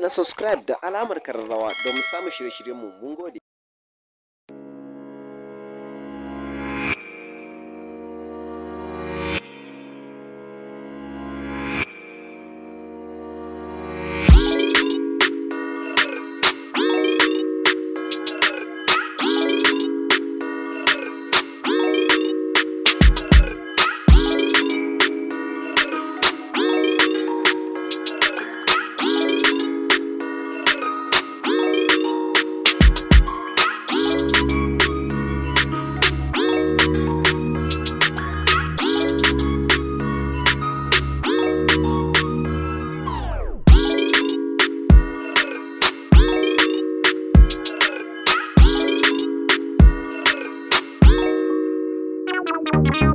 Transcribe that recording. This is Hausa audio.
na subscribe da alamar kararrawa don samun shirye-shiryenmu mun gode Thank you.